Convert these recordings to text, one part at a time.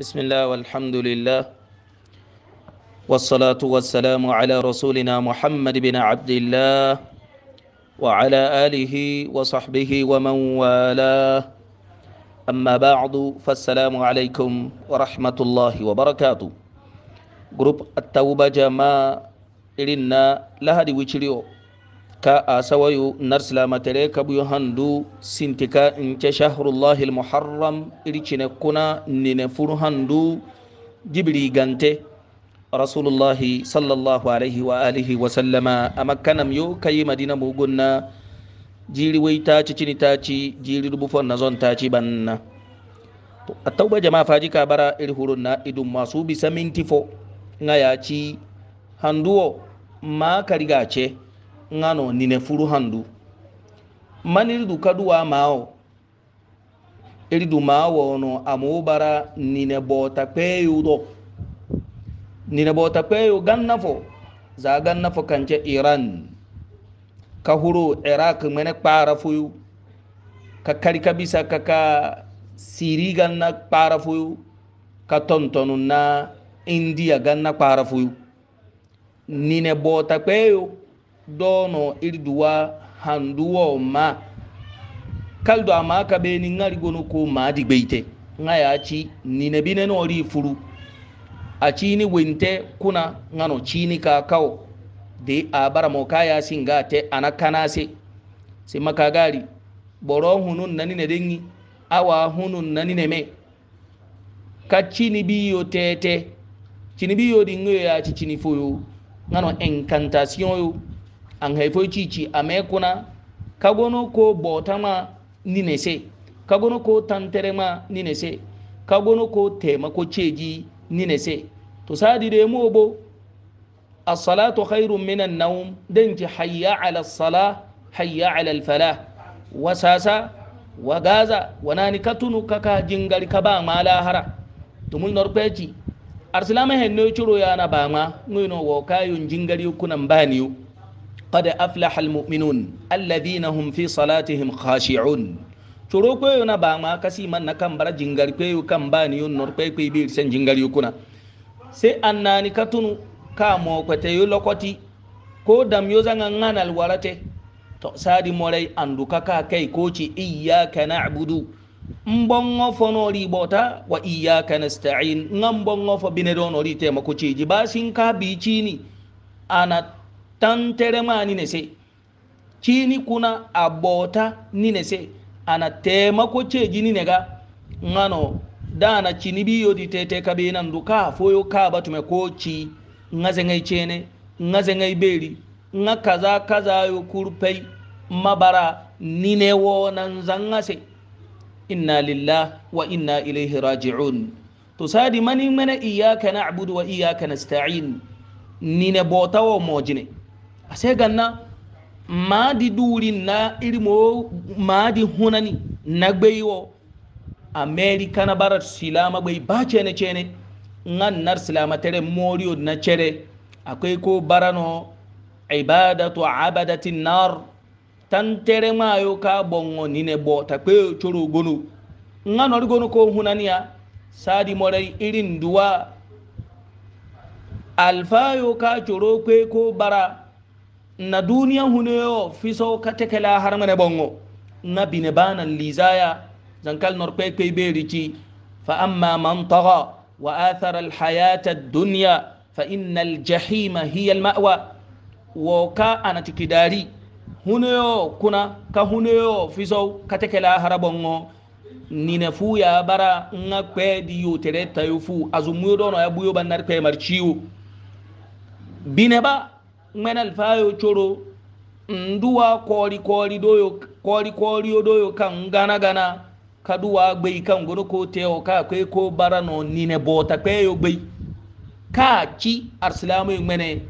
بسم الله والحمد لله والصلاة والسلام على رسولنا محمد بن عبد الله وعلى آله وصحبه ومن والاه أما بعد فالسلام عليكم ورحمة الله وبركاته جروب التوبة جماعة إلنا لهدي وشريو ka a sawayo ka biyo handu sintika ce shahrullahi almuharram ircine kuna nine furu handu jibiri gante rasulullahi sallallahu alaihi wa alihi wa sallama a makkanam ka yi madina mugunna jiri wai ta ci cini ta ci. jiri rubufon na zon ci banna a tauba jama'a faji ka bara iri hurun na idun masu bisa mintifo fo ya ci handuwo ma ka riga ce ngano nine furu handu maniridu kaduwa mawo iridu mawo no amubara nine bota peyudo nine bota peyu gannafo za gannafo kance iran ka iraq mene kpara fuyu ka kari kabisa kaka siri ganna kpara fuyu ka na india ganna kpara fuyu nine bota peyu doono irduwa handuwo ma kaldo ama ka be ni ŋari gono ko maadi gbeyite ŋa ye aci nine bine noori furu aciini wente kuna ŋa no ciini ka kawo de abaramo ka ye asinga te ana kanase sima kagari boro hunu nani ne deŋi awa hunu nani neme ka cini biyo tete cini biyo di ŋoyo ye aci cini foyo ŋa no encantation yo an haifo cici a ka gano ko bota ma ni ne ka gano ko tantere ma ni ne ka gano ko taimako ceji ni ne se to sadi da mu bo as-salatu khairun min an-nawm dan ki hayya ala as-salah hayya ala al wa wasasa wa gaza nani katunu kaka jingal ka ba ma lahara to mun norpeji arsilama hen no churo yana ba ma ngoyno wo kayun jingari kunan baniyo قد أفلح المؤمنون الذين هم في صلاتهم خاشعون coro kweyo na bama kasi man na kan bara jingar kweyo kan bani yun nor kwe kwe bir sen jingar yukuna se annani katunu ka mo kwete yo lokoti ko dam yo zanga nganal warate to sadi morai anduka ka kai ko ci iyyaka na'budu mbongo fono ri bota wa iyyaka nasta'in ngambongo fo binedo no ri tema ko ci ji basin ka bi chini ana tanterema ninese kini kuna a bota ninese ana temako ceji ninega ŋano dana cinibi yodi tete kabenandu ka foyo kabatume ko ci ŋazeŋei cene ŋazeŋei beri ŋa kaza kaza yo kurpei mabara nine wo nanzaŋase inna lillah wa inna ilaihi rajiun to sadi mani mene iyaka nabudu wa iyaka nastain nine botawo mojine ase ganna maadi duuri na irimo maadi hunani na Amerika, america na bara silama gbeyi ba cene cene nga nar silama tere moriyo na cere akwai ko barano ibadatu abadatin nar tan tere mayo ka bongo nine bo takwe choro gono nga nori gono ko hunaniya sadi morai irin duwa alfayo ka choro kwe ko bara na duniya huneyo fiso katekela harmane bongo na bine bana lizaya zankal norpe kwe berici fa amma man wa athara alhayata ad-dunya fa inna al-jahima hiya al-ma'wa wo ka anati kuna ka huneyo fiso katekela harabongo nine fu ya bara nga kwe di yo tere tayo azumuyo dono ya buyo bandar kwe marciwo bine ba ŋmenal fayo coro nduwa kori kori doyo kori kori doyo kan gana gana kaduwa gbei kan gono ko teo ka kwe ko barano nine bota kwe yo gbei ka ci arsilamu ŋmene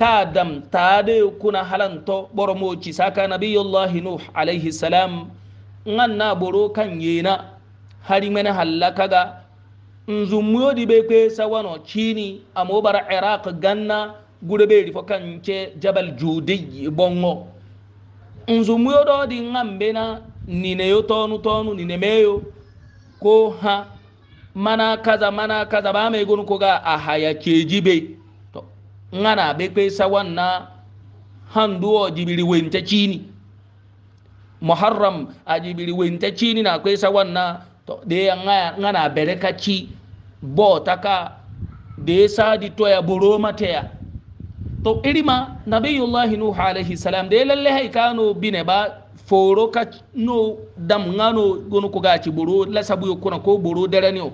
ka dam taade kuna halanto boromo ci saka nabiyullahi nuh alayhi salam ŋan na boro kan yena hari ŋmene hallakaga nzumuyodi be kwe sawano cini amo bara iraq ganna gureɓeeri fo kanke jabal juudeyi bongo nzumuyo ɗo ɗi gambena nineyo tonu tonu ninemeyo ko ha mana kaza mana kaza ɓame gonu koga a haya keji ɓe to gana ɓe kpe sawanna handuwo jibiri wenta cini muharram a jibiri wenta cini na kpe sawanna to ɗe gana bere ka ci bota ka de sadi toya boroma teya to irima nabiyullahi nuhu alayhi salam de lalle hay kano bine ba foro ka no dam ngano gonu ko gaci boro la sabu kuna ko boro derani o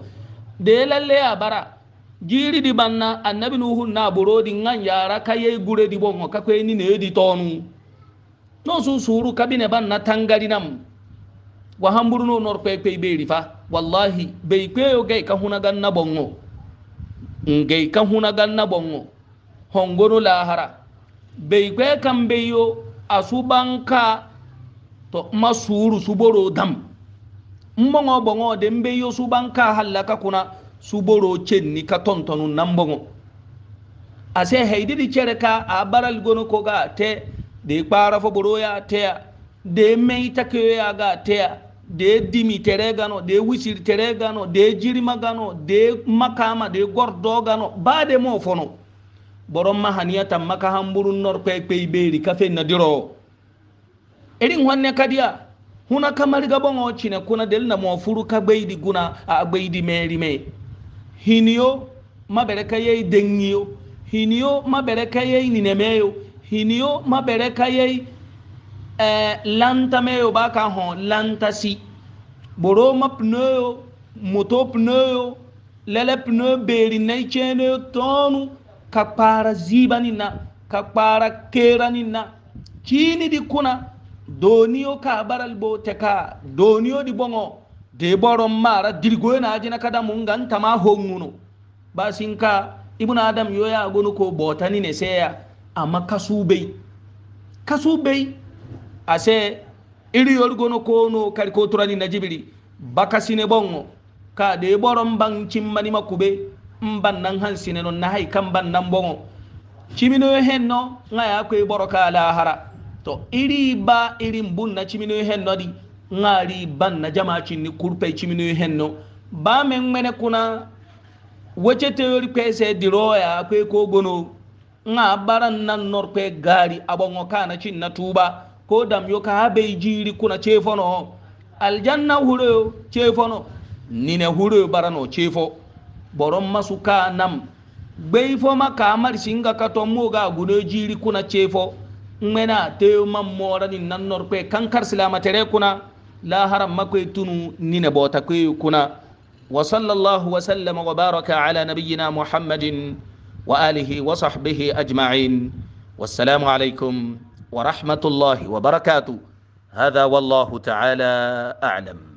de lalle ya bara jiri di banna annabi nuhu na boro di ngan yara kaye gure di bongo ka kwe ni ne di tonu no su suru kabine banna tangari nam wa hamburu no nor kwe be rifa wallahi be kwe o gay ka huna ganna bongo ngay ka huna ganna bongo hongonu lahara bei kwe kam beyo a subanka to ma suru suboro dam mbongo bongo de mbeyo subanka halaka kuna suboro chenni ka tontonu nambongo ase heididi chereka a baral gono koga te de kpara fo boro ya teya de mei takeyo ya ga teya de dimi tere gano de wisir tere gano de jirima gano de makama de gordo gano ba de mo fono boron mahaniya tamma ka hamburun nor kwaikwai beri kafe na diro irin wanne kadiya huna kamar gabon oci ne kuna del na mofuru ka gbaidi guna a gbaidi meri me hiniyo mabere ka yayi dengiyo hiniyo mabere ka yayi ninemeyo hiniyo mabere ka yayi eh, lanta meyo baka ka lanta si boro ma pneuyo moto pneyo lele pneu beri na ichene tonu Kapara ziba zibanin na ka kpara keranin na kini di kuna doniyo ka baral bo ka doniyo di bongo de boron mara dirgo na ajina kada mun ga ntama honguno basin ka ibnu adam yo ya gonu ko botani ne sai ya amma kasubei kasubei ase iri yorgono no kari ko turani na jibiri baka sine bongo ka de boron bancin mani makube mban nan han sine non na hay kam ban nan bongo cimino hen no ngaya ko boro ka la hara to iri ba iri mbun na cimino hen no di ngari ban na jama cinni kurpe cimino hen no ba men mene kuna wace teori ko se diro ya ko ko gono nga baran nan nor ko gari abongo ka na cinna tuba ko dam yo ka be jiri kuna chefono aljanna huro chefono nine huro barano chefono boron masu ka nam fo maka amar singa ka to mo ga gudo jiri kuna chefo mena te man mora ni nan nor pe kankar silama tere kuna la haram makwe tunu ni ne bota kwe kuna wa sallallahu wa sallama wa baraka ala nabiyyina muhammadin wa alihi wa sahbihi ajma'in wassalamu alaikum rahmatullahi wa barakatuh هذا والله تعالى اعلم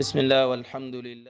بسم الله والحمد لله